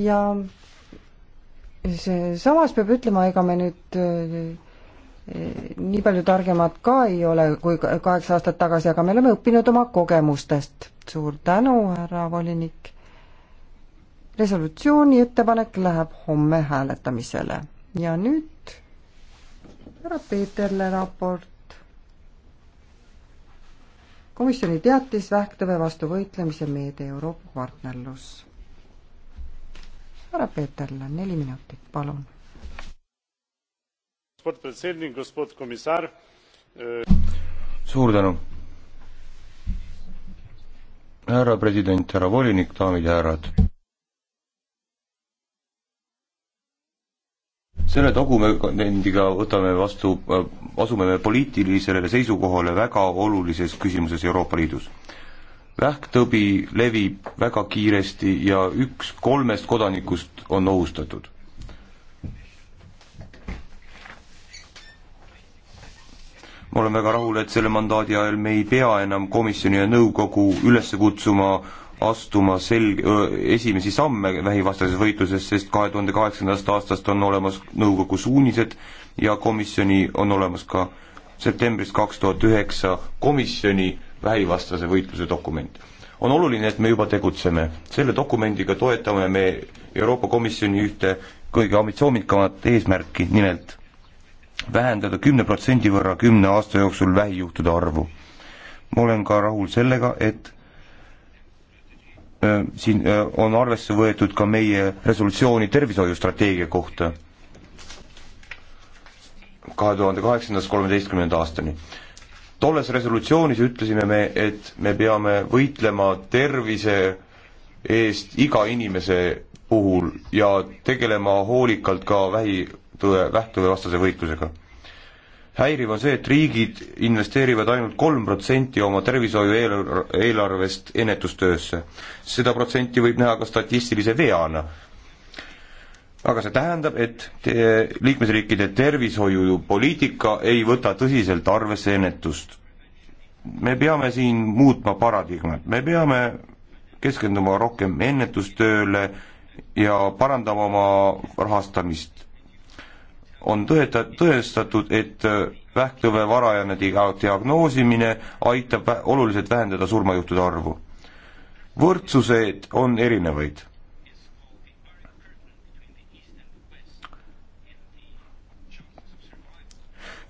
ja see, samas peab ütlema, ega me nüüd eh, nii palju targemad ka ei ole kui kaheksa aastat tagasi, aga me oleme õppinud oma kogemustest. suur tänu, härra volinik. resolutsiooni ettepanek läheb homme hääletamisele ja nüüd härra Peeterle raport. komisjoni teatis vähktõve vastu võitlemise meede Euroopa partnerlus härra Peterle, neli minutit, palun. Eh, suur tänu. härra president, härra volinik, daamid ja härrad. selle dokumendiga võtame vastu, eh, asume me poliitilisele seisukohale väga olulises küsimuses Euroopa Liidus vähktõbi levib väga kiiresti ja üks kolmest kodanikust on ohustatud. ma olen väga rahul, et selle mandaadi ajal me ei pea enam komisjoni ja nõukogu üles kutsuma astuma selg-, esimesi samme vähivastases võitluses, sest kahe tuhande kaheksandast aastast on olemas nõukogu suunised ja komisjoni on olemas ka septembrist kaks tuhat üheksa komisjoni äh, vähivastase võitluse dokument. on oluline, et me juba tegutseme. selle dokumendiga toetame me Euroopa Komisjoni ühte kõige ambitsioonikamat eesmärki, nimelt vähendada kümne protsendi võrra kümne aasta jooksul vähijuhtude arvu. ma olen ka rahul sellega, et äh, siin äh, on arvesse võetud ka meie resolutsiooni tervishoiustrateegia kohta kahe tuhande kaheksandast kolmeteistkümnenda aastani tolles resolutsioonis ütlesime me, et me peame võitlema tervise eest iga inimese puhul ja tegelema hoolikalt ka vähitõe, vähktõvevastase võitlusega. häiriv on see, et riigid investeerivad ainult kolm protsenti oma tervishoiu eelarvest ennetustöösse. seda protsenti võib näha ka statistilise veana aga see tähendab, et te, liikmesriikide tervishoiupoliitika ei võta tõsiselt arvesse ennetust. me peame siin muutma paradigmat, me peame keskenduma rohkem ennetustööle ja parandama oma rahastamist. on tõeta-, tõestatud, et äh, vähktõve varajane diagnoosimine aitab oluliselt vähendada surmajuhtude arvu. võrdsuseid on erinevaid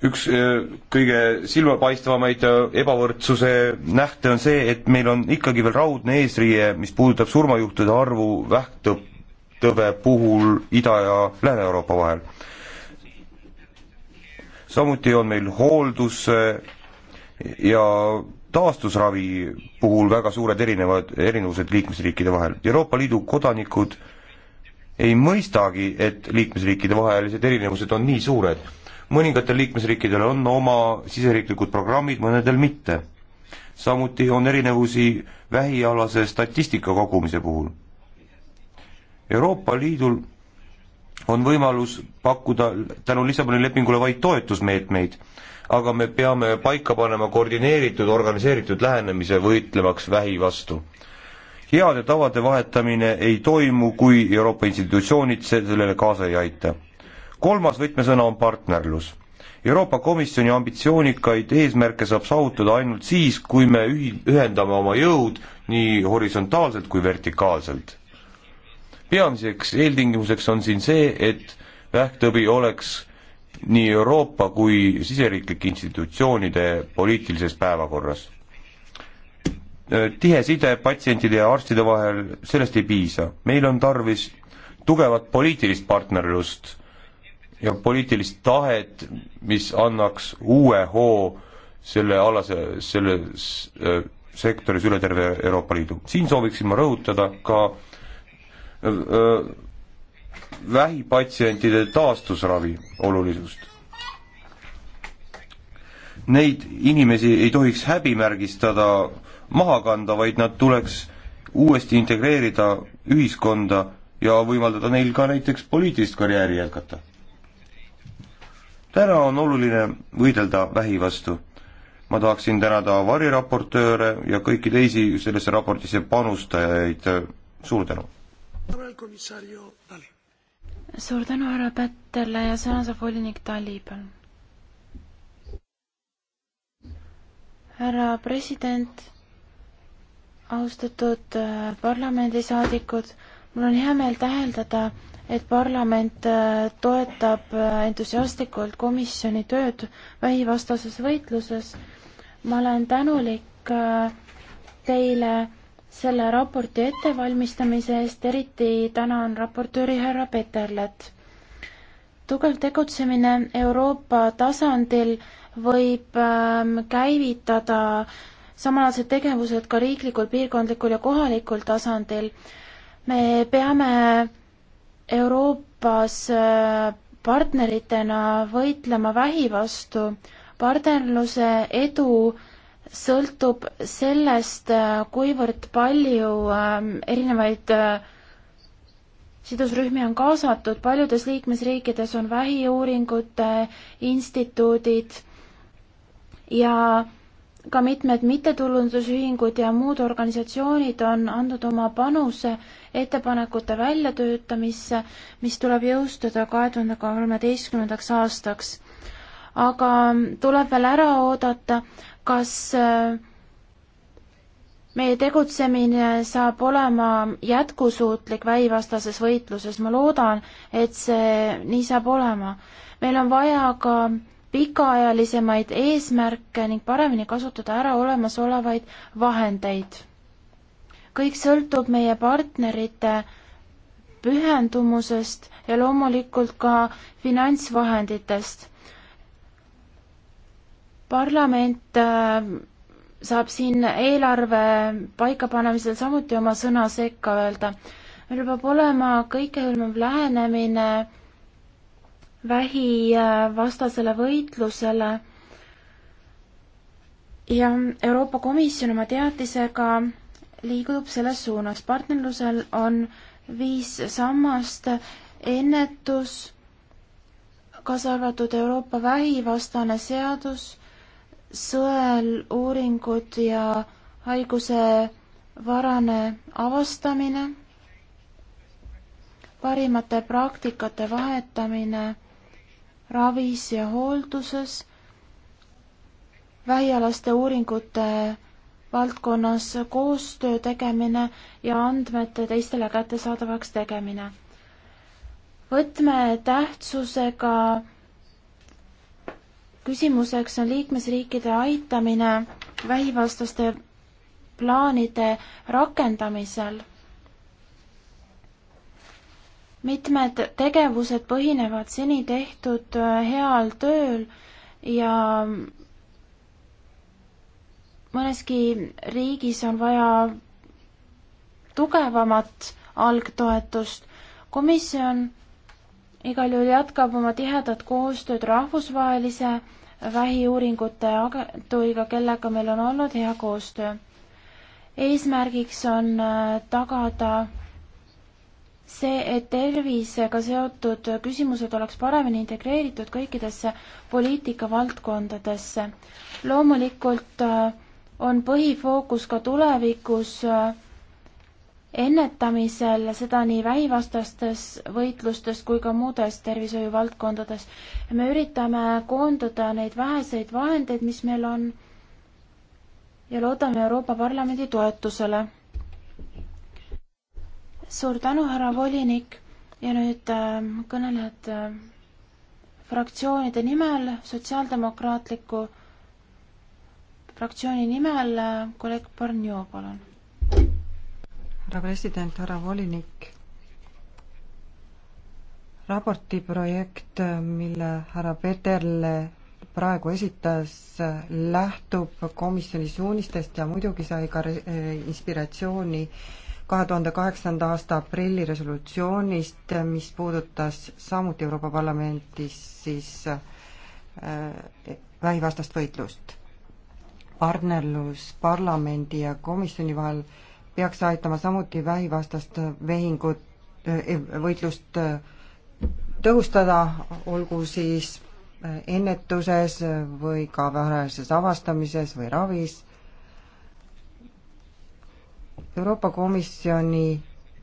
üks äh, kõige silmapaistvamaid äh, ebavõrdsuse nähte on see, et meil on ikkagi veel raudne eesriie, mis puudutab surmajuhtude arvu vähktõve puhul Ida- ja Lääne-Euroopa vahel. samuti on meil hooldus äh, ja taastusravi puhul väga suured erinevad, erinevused liikmesriikide vahel. Euroopa Liidu kodanikud ei mõistagi, et liikmesriikide vahelised erinevused on nii suured mõningatel liikmesriikidel on oma siseriiklikud programmid, mõnedel mitte. samuti on erinevusi vähialase statistika kogumise puhul. Euroopa Liidul on võimalus pakkuda tänu Lissaboni lepingule vaid toetusmeetmeid, aga me peame paika panema koordineeritud, organiseeritud lähenemise võitlemaks vähi vastu heade tavade vahetamine ei toimu, kui Euroopa institutsioonid sellele kaasa ei aita kolmas võtmesõna on partnerlus. Euroopa Komisjoni ambitsioonikaid eesmärke saab saavutada ainult siis, kui me ühi-, ühendame oma jõud nii horisontaalselt kui vertikaalselt. peamiseks eeltingimuseks on siin see, et vähktõbi oleks nii Euroopa kui siseriiklike institutsioonide poliitilises päevakorras. tihe side patsientide ja arstide vahel, sellest ei piisa. meil on tarvis tugevat poliitilist partnerlust ja poliitilist tahet, mis annaks uue hoo selle alase, selles äh, sektoris üle terve Euroopa Liidu. siin sooviksin ma rõhutada ka äh, äh, vähipatsientide taastusravi olulisust. Neid inimesi ei tohiks häbimärgistada, maha kanda, vaid nad tuleks uuesti integreerida ühiskonda ja võimaldada neil ka näiteks poliitilist karjääri jätkata täna on oluline võidelda vähi vastu. ma tahaksin tänada variraportööre ja kõiki teisi sellesse raportisse panustajaid, suur tänu! suur tänu, härra Pättele ja sõna saab volinik Tali, palun! härra president, austatud äh, parlamendisaadikud, mul on hea meel täheldada, et parlament äh, toetab äh, entusiastlikult komisjoni tööd vähivastases võitluses. ma olen tänulik äh, teile selle raporti ettevalmistamise eest, eriti tänan raportööri härra Peterlet. tugev tegutsemine Euroopa tasandil võib ähm, käivitada samalaadsed tegevused ka riiklikul, piirkondlikul ja kohalikul tasandil. me peame Euroopas äh, partneritena võitlema vähi vastu. partnerluse edu sõltub sellest, äh, kuivõrd palju ähm, erinevaid äh, sidusrühmi on kaasatud, paljudes liikmesriikides on vähiuuringute instituudid ja ka mitmed mittetulundusühingud ja muud organisatsioonid on andnud oma panuse ettepanekute väljatöötamisse, mis tuleb jõustada kahe tuhande kolmeteistkümnendaks aastaks. aga tuleb veel ära oodata, kas äh, meie tegutsemine saab olema jätkusuutlik väivastases võitluses, ma loodan, et see nii saab olema. meil on vaja ka pikaajalisemaid eesmärke ning paremini kasutada ära olemasolevaid vahendeid. kõik sõltub meie partnerite pühendumusest ja loomulikult ka finantsvahenditest. parlament äh, saab siin eelarve paikapanemisel samuti oma sõna sekka öelda. meil peab olema kõikehõlmav lähenemine vähivastasele võitlusele. ja Euroopa Komisjon oma teatisega liigub selles suunas. partnerlusel on viis sammast, ennetus, kaasa arvatud Euroopa vähivastane seadus, sõeluuringud ja haiguse varane avastamine, parimate praktikate vahetamine ravis ja hoolduses, vähialaste uuringute valdkonnas koostöö tegemine ja andmete teistele kättesaadavaks tegemine. võtmetähtsusega küsimuseks on liikmesriikide aitamine vähivastaste plaanide rakendamisel mitmed tegevused põhinevad seni tehtud äh, heal tööl ja mõneski riigis on vaja tugevamat algtoetust. komisjon igal juhul jätkab oma tihedat koostööd rahvusvahelise vähiuuringute agentuuriga, kellega meil on olnud hea koostöö. eesmärgiks on äh, tagada see, et tervisega seotud küsimused oleks paremini integreeritud kõikidesse poliitikavaldkondadesse. loomulikult äh, on põhifookus ka tulevikus äh, ennetamisel, seda nii vähivastastes võitlustes kui ka muudes tervishoiuvaldkondades. me üritame koondada neid väheseid vahendeid, mis meil on ja loodame Euroopa Parlamendi toetusele suur tänu, härra volinik ja nüüd äh, kõnelejad äh, fraktsioonide nimel, sotsiaaldemokraatliku fraktsiooni nimel äh, kolleeg Barnio, palun. härra president, härra volinik, raporti projekt, äh, mille härra Peterle praegu esitas, äh, lähtub komisjoni suunistest ja muidugi sai ka äh, inspiratsiooni äh, kahe tuhande kaheksanda aasta aprilli resolutsioonist, mis puudutas samuti Euroopa Parlamendis siis vähivastast äh, võitlust. partnerlus parlamendi ja komisjoni vahel peaks aitama samuti vähivastast vehingut, äh, võitlust äh, tõhustada, olgu siis ennetuses või ka varajases avastamises või ravis Euroopa Komisjoni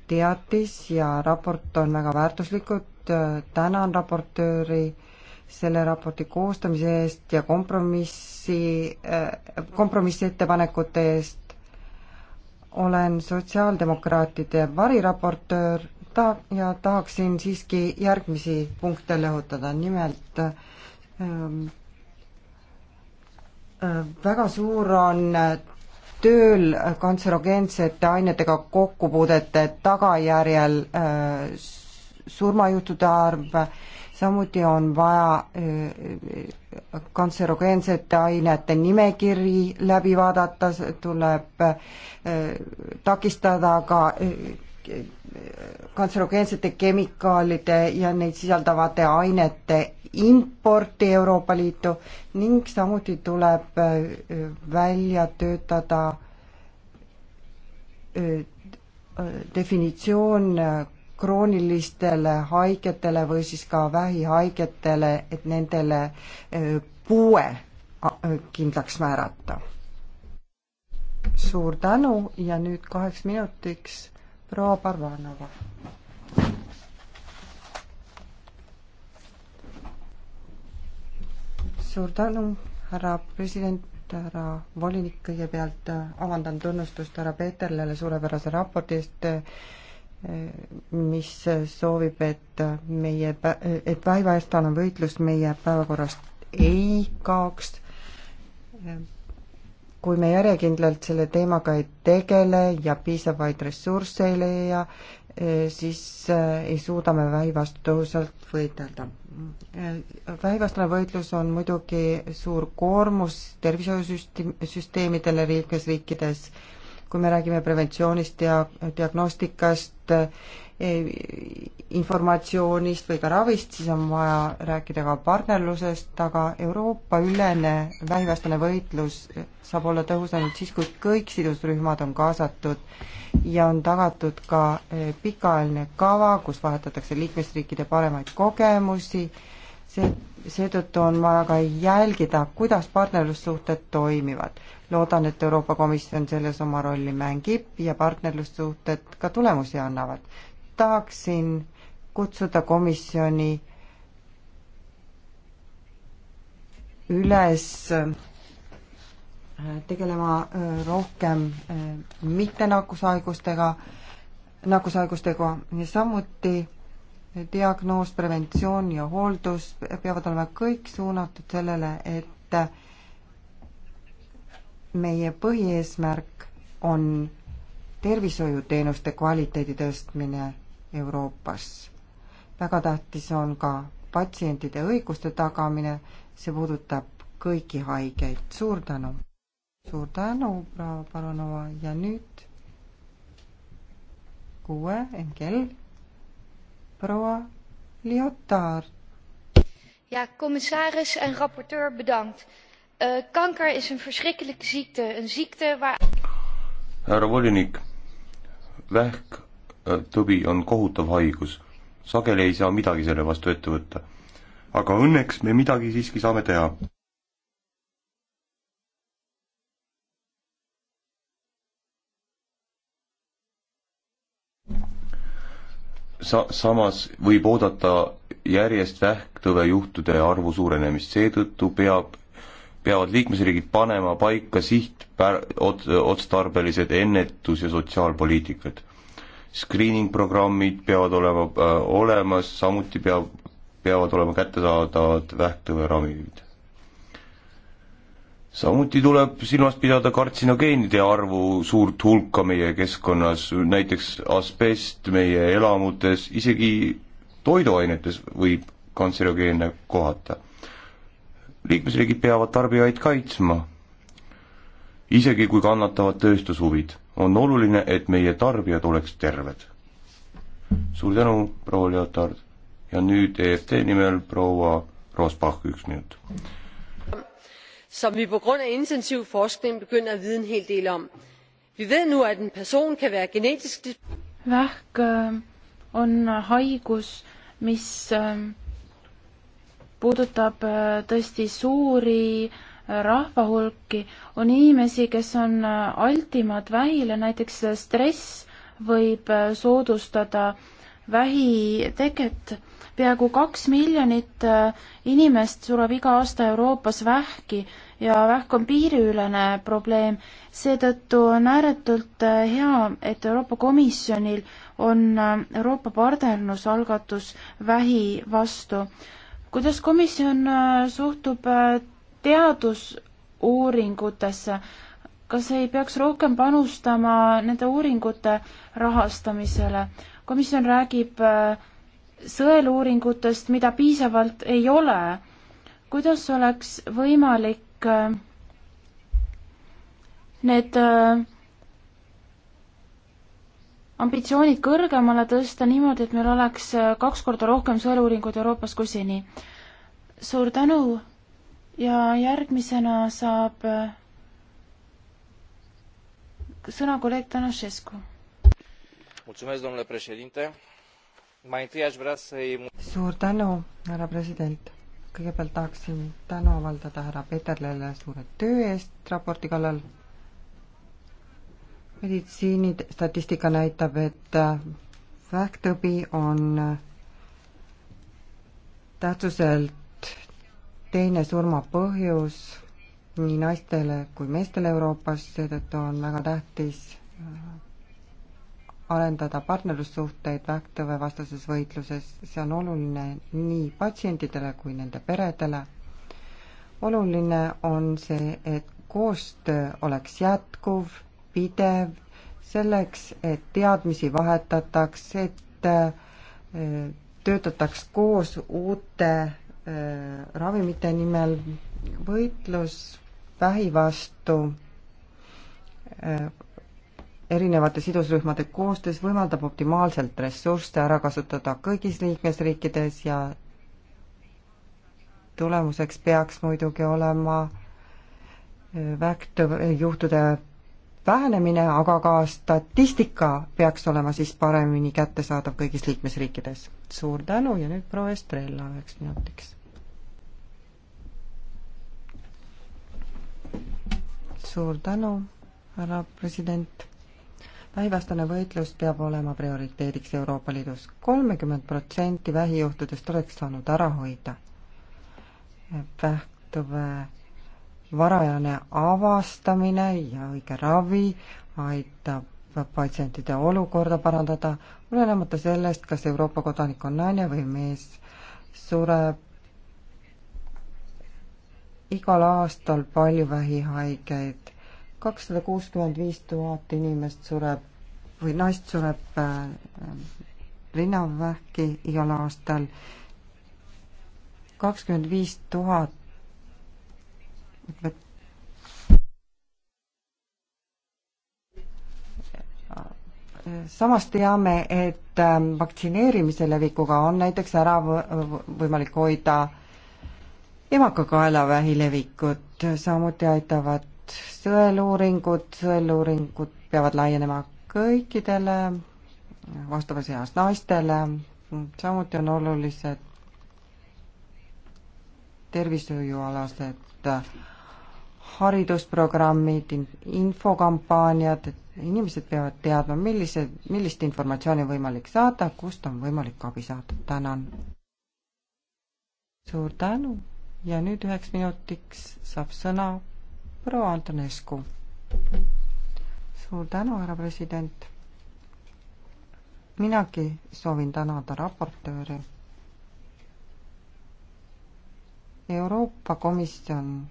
teatis ja raport on väga väärtuslikud, tänan raportööri selle raporti koostamise eest ja kompromissi, äh, kompromissettepanekute eest. olen sotsiaaldemokraatide variraportöör ta- ja tahaksin siiski järgmisi punkte lõhutada, nimelt ähm, äh, väga suur on tööl kantserogeensete ainetega kokkupuudete tagajärjel äh, surmajuhtude arv, samuti on vaja äh, kantserogeensete ainete nimekiri läbi vaadata, tuleb äh, takistada ka kantserogeensete kemikaalide ja neid sisaldavate ainete importi Euroopa Liitu ning samuti tuleb äh, välja töötada äh, definitsioon äh, kroonilistele haigetele või siis ka vähihaigetele, et nendele puue kindlaks määrata. suur tänu ja nüüd kaheks minutiks proua Parvanova. suur tänu, härra president, härra volinik, kõigepealt äh, avaldan tunnustust härra Peeterlele suurepärase raporti eest, äh, mis soovib, et äh, meie, et päevaestane võitlus meie päevakorrast ei kaoks. kui me järjekindlalt selle teemaga ei tegele ja piisavaid ressursse ei leia, Äh, siis äh, ei suuda me vähi vastu tõhusalt võidelda. Äh, vähivastane võitlus on muidugi suur koormus tervishoiusüsteemidele liikmesriikides, kui me räägime preventsioonist ja diagnostikast, Eh, informatsioonist või ka ravist, siis on vaja rääkida ka partnerlusest, aga Euroopa-ülene vähivastane võitlus saab olla tõhus ainult siis, kui kõik sidusrühmad on kaasatud ja on tagatud ka eh, pikaajaline kava, kus vahetatakse liikmesriikide paremaid kogemusi, see, seetõttu on vaja ka jälgida, kuidas partnerlussuhted toimivad. loodan, et Euroopa Komisjon selles oma rolli mängib ja partnerlussuhted ka tulemusi annavad tahaksin kutsuda komisjoni üles äh, tegelema äh, rohkem äh, mittenakkushaigustega, nakkushaigustega ja samuti diagnoos, preventsioon ja hooldus peavad olema kõik suunatud sellele, et meie põhieesmärk on tervishoiuteenuste kvaliteedi tõstmine Euroopas. väga tähtis on ka patsientide õiguste tagamine, see puudutab kõiki haigeid, suur tänu! suur tänu, proua Paranova ja nüüd kuue Engel, proua Liotaar. ja commissaris en raporteur bedankt uh,. kanker is een verschrikkelijke ziekte, een ziekte waar. härra volinik, vähk tõbi on kohutav haigus. sageli ei saa midagi selle vastu ette võtta. aga õnneks me midagi siiski saame teha. sa-, samas võib oodata järjest vähktõvejuhtude arvu suurenemist, seetõttu peab, peavad liikmesriigid panema paika sihtpär-, ot-, otstarbelised ennetus- ja sotsiaalpoliitikad screening programmid peavad olema äh, olemas, samuti peab, peavad olema kättesaadavad vähktõveravimid. samuti tuleb silmas pidada kartsinogeenide arvu suurt hulka meie keskkonnas, näiteks asbest meie elamutes, isegi toiduainetes võib kantserogeene kohata. liikmesriigid peavad tarbijaid kaitsma, isegi kui kannatavad tööstushuvid on oluline, et meie tarbijad oleks terved. suur tänu, proua Leotard ja nüüd EFT nimel proua Rosbach, üks minut. som vi på grund af intensiv forskning begynder at vide en hel del om. Vi ved nu, at en person kan være genetisk... Vähk eh, on haigus, mis eh, puudutab eh, tõesti suuri äh, rahva hulki, on inimesi, kes on altimad vähile, näiteks stress võib soodustada vähiteket. peaaegu kaks miljonit äh, inimest sureb iga aasta Euroopas vähki ja vähk on piiriülene probleem. seetõttu on ääretult äh, hea, et Euroopa Komisjonil on äh, Euroopa partnerlusalgatus vähi vastu kuidas komisjon suhtub teadusuuringutesse. kas ei peaks rohkem panustama nende uuringute rahastamisele? komisjon räägib äh, sõeluuringutest, mida piisavalt ei ole. kuidas oleks võimalik äh, need äh, ambitsioonid kõrgemale tõsta niimoodi, et meil oleks kaks korda rohkem sõeluuringuid Euroopas kui seni. suur tänu, ja järgmisena saab äh, sõna kolleeg Tanașescu. mulțumesc, domnule președinte. mai întâi aș vrea să-i... suur tänu, härra president. kõigepealt tahaksin tänu avaldada härra Peterlele suure töö eest raporti kallal. meditsiinistatistika näitab, et äh, vähktõbi on äh, tähtsuselt teine surmapõhjus nii naistele kui meestele Euroopas, seetõttu on väga tähtis äh, arendada partnerlussuhteid vähktõvevastases võitluses, see on oluline nii patsientidele kui nende peredele. oluline on see, et koostöö oleks jätkuv, pidev, selleks, et teadmisi vahetataks, et äh, töötataks koos uute Äh, ravimite nimel, võitlus vähi vastu äh, erinevate sidusrühmade koostöös võimaldab optimaalselt ressursse ära kasutada kõigis liikmesriikides ja tulemuseks peaks muidugi olema äh, vähktõvejuhtude vähenemine, aga ka statistika peaks olema siis paremini kättesaadav kõigis liikmesriikides. suur tänu ja nüüd proua Estrella üheks minutiks suur tänu, härra president. vähivastane võitlus peab olema prioriteediks Euroopa Liidus. kolmekümmend protsenti vähijuhtudest oleks saanud ära hoida. vähktõve varajane avastamine ja õige ravi aitab patsientide olukorda parandada, olenemata sellest, kas Euroopa kodanik on naine või mees, sureb igal aastal palju vähihaigeid. kakssada kuuskümmend viis tuhat inimest sureb või naist sureb rinnavähki äh, igal aastal. kakskümmend viis tuhat samas teame, et ähm, vaktsineerimise levikuga on näiteks ära võimalik hoida emakakaelavähi levikut, samuti aitavad sõeluuringud, sõeluuringud peavad laienema kõikidele vastavas eas naistele, samuti on olulised tervishoiualased haridusprogrammid, infokampaaniad, et inimesed peavad teadma, millise, millist informatsiooni on võimalik saada, kust on võimalik abi saada, tänan. suur tänu ja nüüd üheks minutiks saab sõna proua Antonescu. suur tänu, härra president. minagi soovin tänada raportööri. Euroopa Komisjon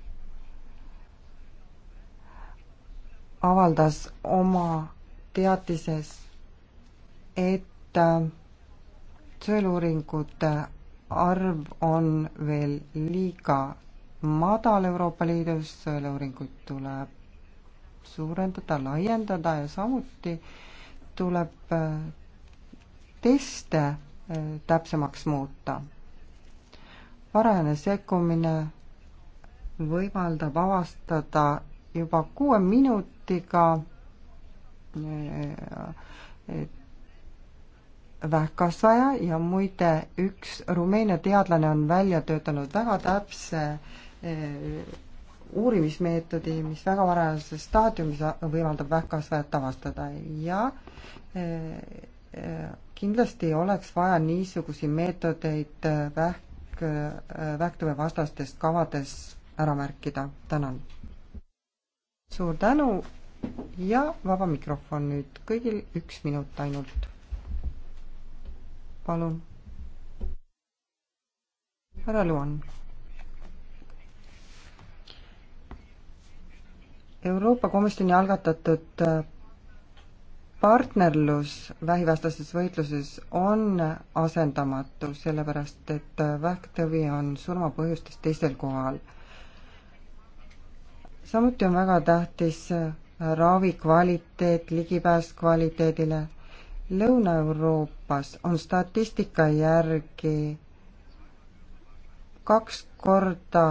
avaldas oma teatises, et äh, sõeluuringute arv on veel liiga madal Euroopa Liidus, sõeluuringuid tuleb suurendada, laiendada ja samuti tuleb äh, teste äh, täpsemaks muuta. varajane sekkumine võimaldab avastada juba kuue minutiga äh, vähkkasvaja ja muide, üks Rumeenia teadlane on välja töötanud väga täpse eh, uurimismeetodi, mis väga varajases staadiumis võimaldab vähkkasvajat avastada ja eh, eh, kindlasti oleks vaja niisugusi meetodeid vähk, vähktõve vastastes kavades ära märkida. tänan. suur tänu ja vaba mikrofon nüüd kõigil üks minut ainult palun. härra Luan. Euroopa Komisjoni algatatud äh, partnerlus vähivastases võitluses on asendamatu, sellepärast et äh, vähktõvi on surmapõhjustes teisel kohal. samuti on väga tähtis äh, ravi kvaliteet, ligipääs kvaliteedile Lõuna-Euroopas on statistika järgi kaks korda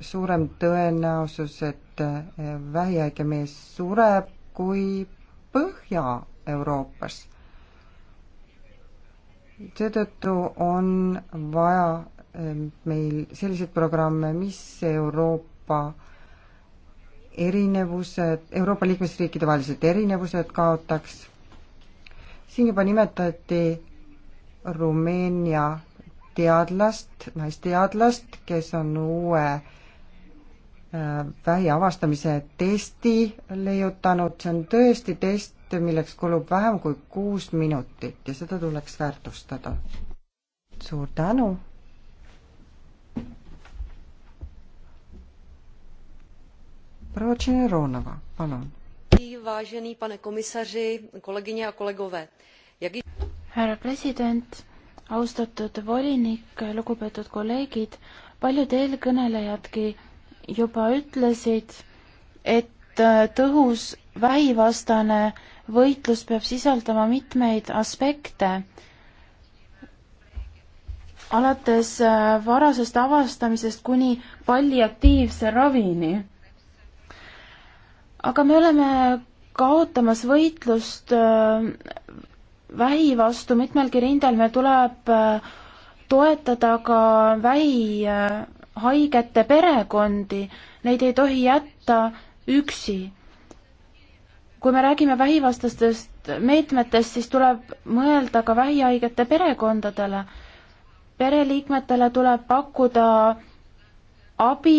suurem tõenäosus, et eh, vähihaige mees sureb kui Põhja-Euroopas. seetõttu on vaja eh, meil selliseid programme, mis Euroopa erinevused, Euroopa liikmesriikide vahelised erinevused kaotaks siin juba nimetati Rumeenia teadlast, naisteadlast, kes on uue äh, vähi avastamise testi leiutanud, see on tõesti test, milleks kulub vähem kui kuus minutit ja seda tuleks väärtustada. suur tänu! proua Tšeneronova, palun vážený pane komisaři kolegyně a kolegové jak již härra president austatud volinik lugupeetud kolleegid paljud eelkõnelejadki juba ütlesid et äh, tõhus vähivastane võitlus peab sisaldama mitmeid aspekte alates äh, varasest avastamisest kuni palliatiivse ravini aga me oleme kaotamas võitlust äh, vähi vastu mitmelgi rindel, meil tuleb äh, toetada ka vähihaigete äh, perekondi, neid ei tohi jätta üksi. kui me räägime vähivastastest meetmetest, siis tuleb mõelda ka vähihaigete perekondadele. pereliikmetele tuleb pakkuda abi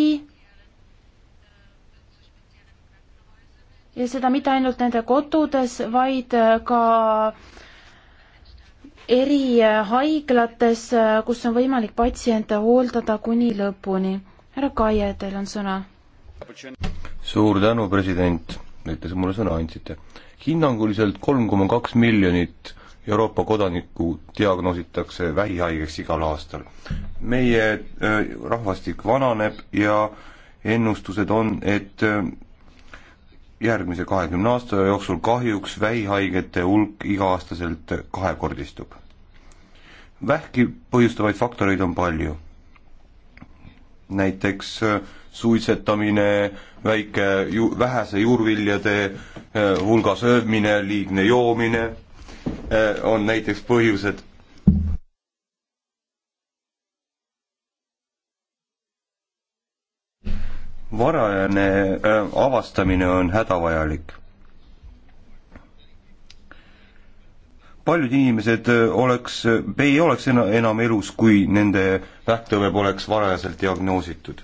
ja seda mitte ainult nende kodudes, vaid äh, ka erihaiglates, äh, äh, kus on võimalik patsiente hooldada kuni lõpuni. härra Kaie, teil on sõna. suur tänu, president, et te mulle sõna andsite. hinnanguliselt kolm koma kaks miljonit Euroopa kodanikku diagnoositakse vähihaigeks igal aastal. meie rahvastik vananeb ja ennustused on, et järgmise kahekümne aasta jooksul kahjuks vähihaigete hulk iga-aastaselt kahekordistub. vähki põhjustavaid faktoreid on palju. näiteks äh, suitsetamine, väike ju-, vähese juurviljade äh, hulga söömine, liigne joomine äh, on näiteks põhjused, varajane äh, avastamine on hädavajalik. paljud inimesed äh, oleks, äh, ei oleks enam elus, kui nende vähktõve poleks varajaselt diagnoositud.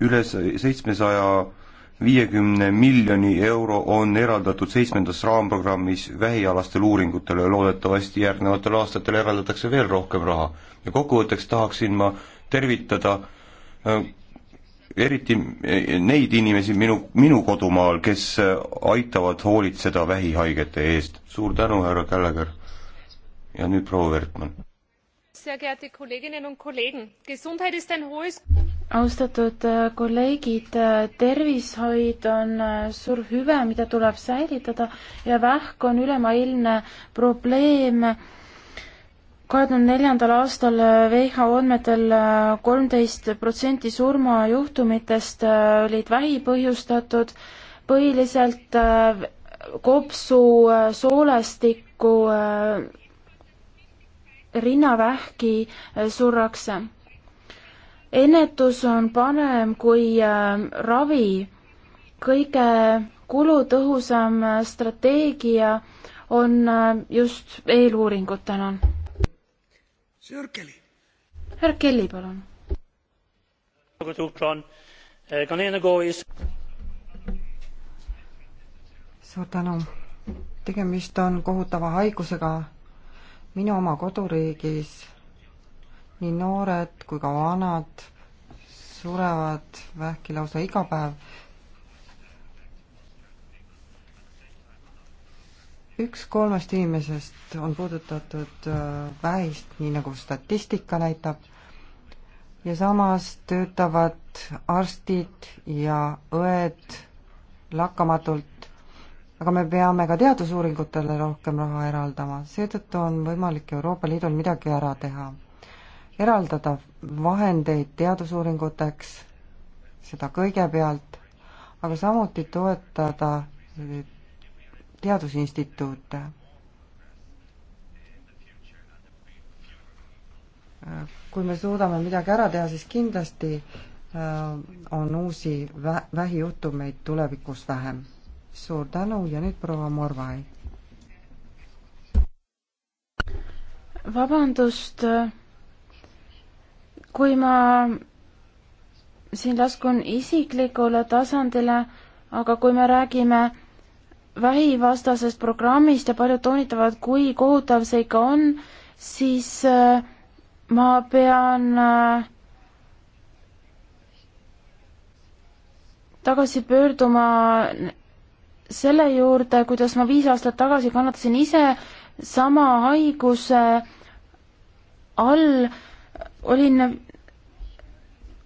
üle seitsmesaja viiekümne miljoni euro on eraldatud seitsmendas raamprogrammis vähialastel uuringutele, loodetavasti järgnevatel aastatel eraldatakse veel rohkem raha. ja kokkuvõtteks tahaksin ma tervitada eriti neid inimesi minu, minu kodumaal, kes aitavad hoolitseda vähihaigete eest. suur tänu, härra Källegar. ja nüüd proua Vertmann. austatud äh, kolleegid, äh, tervishoid on äh, suur hüve, mida tuleb säilitada ja vähk on ülemaailmne probleem kahe tuhande neljandal aastal äh, WHO andmetel äh, kolmteist protsenti surmajuhtumitest äh, olid vähi põhjustatud, põhiliselt kopsu, soolestiku, rinnavähki surrakse. ennetus on parem kui ravi. kõige kulutõhusam strateegia on just eeluuringud, tänan härra Kelly, palun. suur tänu. tegemist on kohutava haigusega. minu oma koduriigis nii noored kui ka vanad surevad vähki lausa iga päev üks kolmest inimesest on puudutatud äh, vähist, nii nagu statistika näitab, ja samas töötavad arstid ja õed lakkamatult, aga me peame ka teadusuuringutele rohkem raha eraldama, seetõttu on võimalik Euroopa Liidul midagi ära teha. eraldada vahendeid teadusuuringuteks, seda kõigepealt, aga samuti toetada teadusinstituute. kui me suudame midagi ära teha, siis kindlasti äh, on uusi vä-, vähijuhtumeid tulevikus vähem. suur tänu ja nüüd proua Morvai. vabandust, kui ma siin laskun isiklikule tasandile, aga kui me räägime vähivastasest programmist ja paljud toonitavad, kui kohutav see ikka on, siis äh, ma pean äh, tagasi pöörduma selle juurde, kuidas ma viis aastat tagasi kannatasin ise sama haiguse all, olin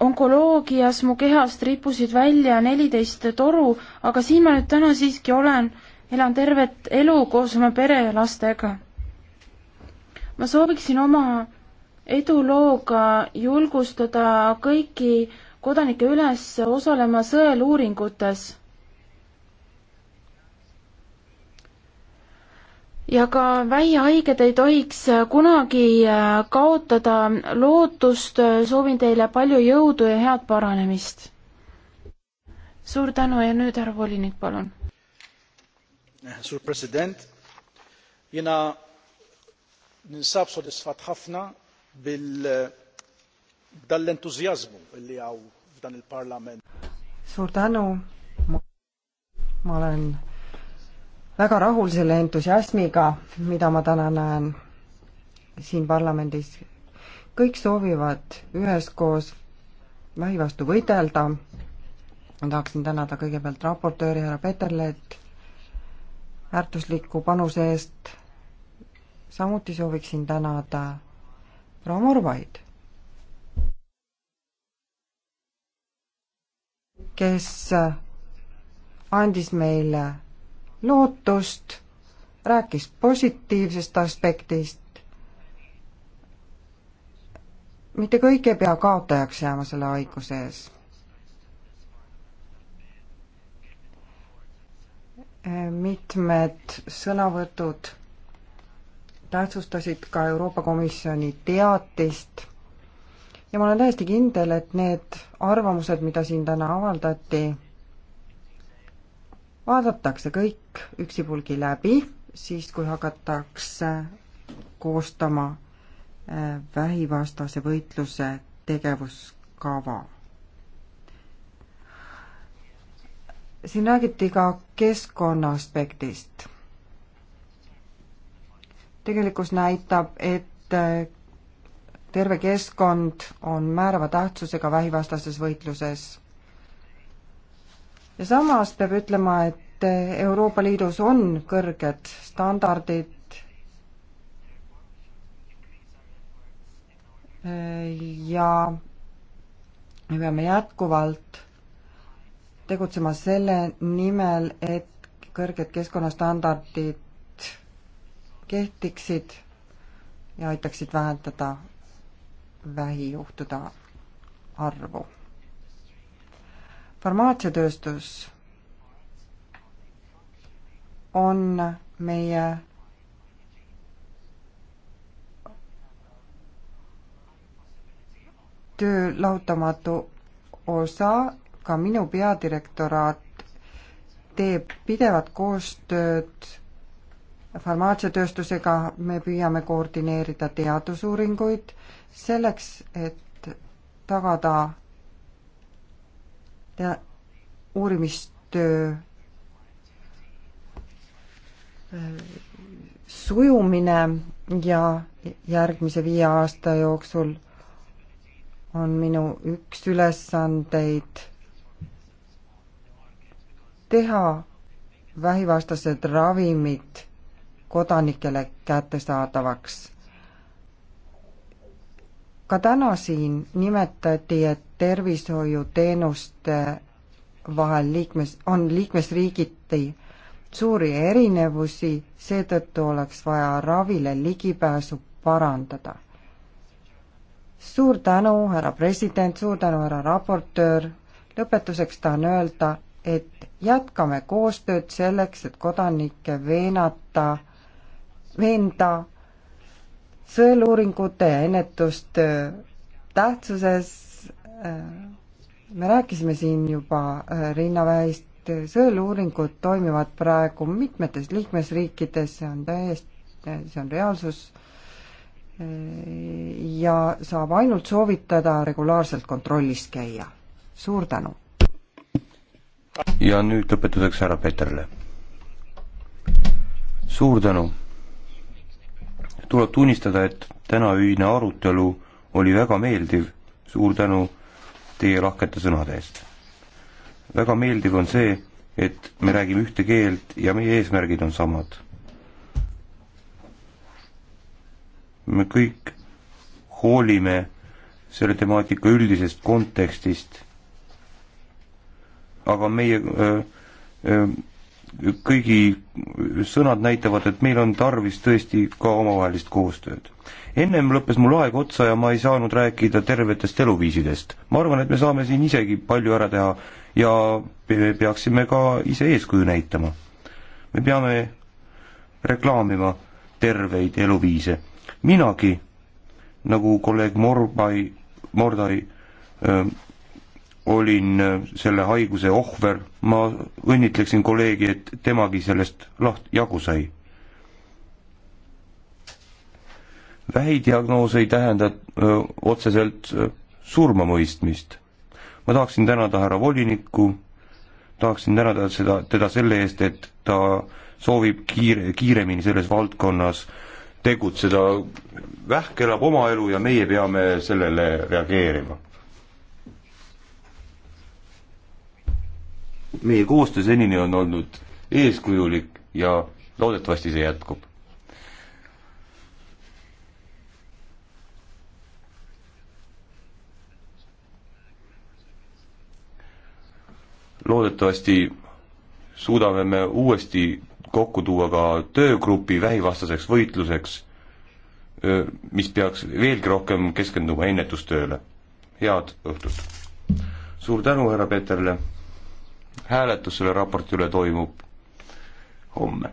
onkoloogias mu kehast rippusid välja neliteist toru, aga siin ma nüüd täna siiski olen, elan tervet elu koos oma pere ja lastega. ma sooviksin oma edulooga julgustada kõiki kodanikke üles osalema sõeluuringutes ja ka vähihaiged ei tohiks äh, kunagi äh, kaotada lootust, äh, soovin teile palju jõudu ja head paranemist. suur tänu ja nüüd härra volinik, palun. suur president, mina ninsab sodisfat ħafna bil dall-entużjażmu li għaw f'dan il-parlament. suur tänu, ma olen väga rahul selle entusiasmiga, mida ma täna näen siin parlamendis. kõik soovivad üheskoos vähi vastu võidelda. ma tahaksin tänada kõigepealt raportööri härra Peterlet väärtusliku panuse eest. samuti sooviksin tänada proua Murvaid, kes andis meile lootust, rääkis positiivsest aspektist. mitte kõik ei pea kaotajaks jääma selle haiguse ees. mitmed sõnavõtud tähtsustasid ka Euroopa Komisjoni teatist ja ma olen täiesti kindel, et need arvamused, mida siin täna avaldati, vaadatakse kõik üksipulgi läbi, siis kui hakatakse koostama äh, vähivastase võitluse tegevuskava. siin räägiti ka keskkonna aspektist. tegelikkus näitab, et äh, terve keskkond on määrava tähtsusega vähivastases võitluses ja samas peab ütlema, et Euroopa Liidus on kõrged standardid ja me peame jätkuvalt tegutsema selle nimel, et kõrged keskkonnastandardid kehtiksid ja aitaksid vähendada vähijuhtude arvu farmaatsiatööstus on meie töö lahutamatu osa, ka minu peadirektoraat teeb pidevat koostööd farmaatsiatööstusega me püüame koordineerida teadusuuringuid selleks, et tagada ja uurimistöö äh, sujumine ja järgmise viie aasta jooksul on minu üks ülesandeid teha vähivastased ravimid kodanikele kättesaadavaks. ka täna siin nimetati, et tervishoiuteenuste vahel liikmes, on liikmesriigiti suuri erinevusi, seetõttu oleks vaja ravile ligipääsu parandada. suur tänu, härra president, suur tänu, härra raportöör, lõpetuseks tahan öelda, et jätkame koostööd selleks, et kodanikke veenata, veenda sõeluuringute ja ennetustöö tähtsuses Äh, me rääkisime siin juba äh, rinnaväest, äh, sõeluuringud toimivad praegu mitmetes liikmesriikides, see on täiesti, see on reaalsus ja saab ainult soovitada regulaarselt kontrollis käia. suur tänu! ja nüüd lõpetuseks härra Peterle. suur tänu! tuleb tunnistada, et täna ühine arutelu oli väga meeldiv, suur tänu teie lahkete sõnade eest. väga meeldiv on see, et me räägime ühte keelt ja meie eesmärgid on samad. me kõik hoolime selle temaatika üldisest kontekstist, aga meie öö, öö, kõigi sõnad näitavad, et meil on tarvis tõesti ka omavahelist koostööd. ennem lõppes mul aeg otsa ja ma ei saanud rääkida tervetest eluviisidest. ma arvan, et me saame siin isegi palju ära teha ja peaksime ka ise eeskuju näitama. me peame reklaamima terveid eluviise. minagi, nagu kolleeg Morbai, Mordai öö, olin äh, selle haiguse ohver, ma õnnitleksin kolleegi, et temagi sellest laht-, jagu sai. vähidiagnoos ei tähenda öö, äh, otseselt äh, surmamõistmist. ma tahaksin tänada härra volinikku, tahaksin tänada seda, teda selle eest, et ta soovib kiire, kiiremini selles valdkonnas tegutseda, vähk elab oma elu ja meie peame sellele reageerima meie koostöö senini on olnud eeskujulik ja loodetavasti see jätkub. loodetavasti suudame me uuesti kokku tuua ka töögrupi vähivastaseks võitluseks, mis peaks veelgi rohkem keskenduma ennetustööle. head õhtut! suur tänu härra Peeterile! hääletus selle raporti üle toimub homme.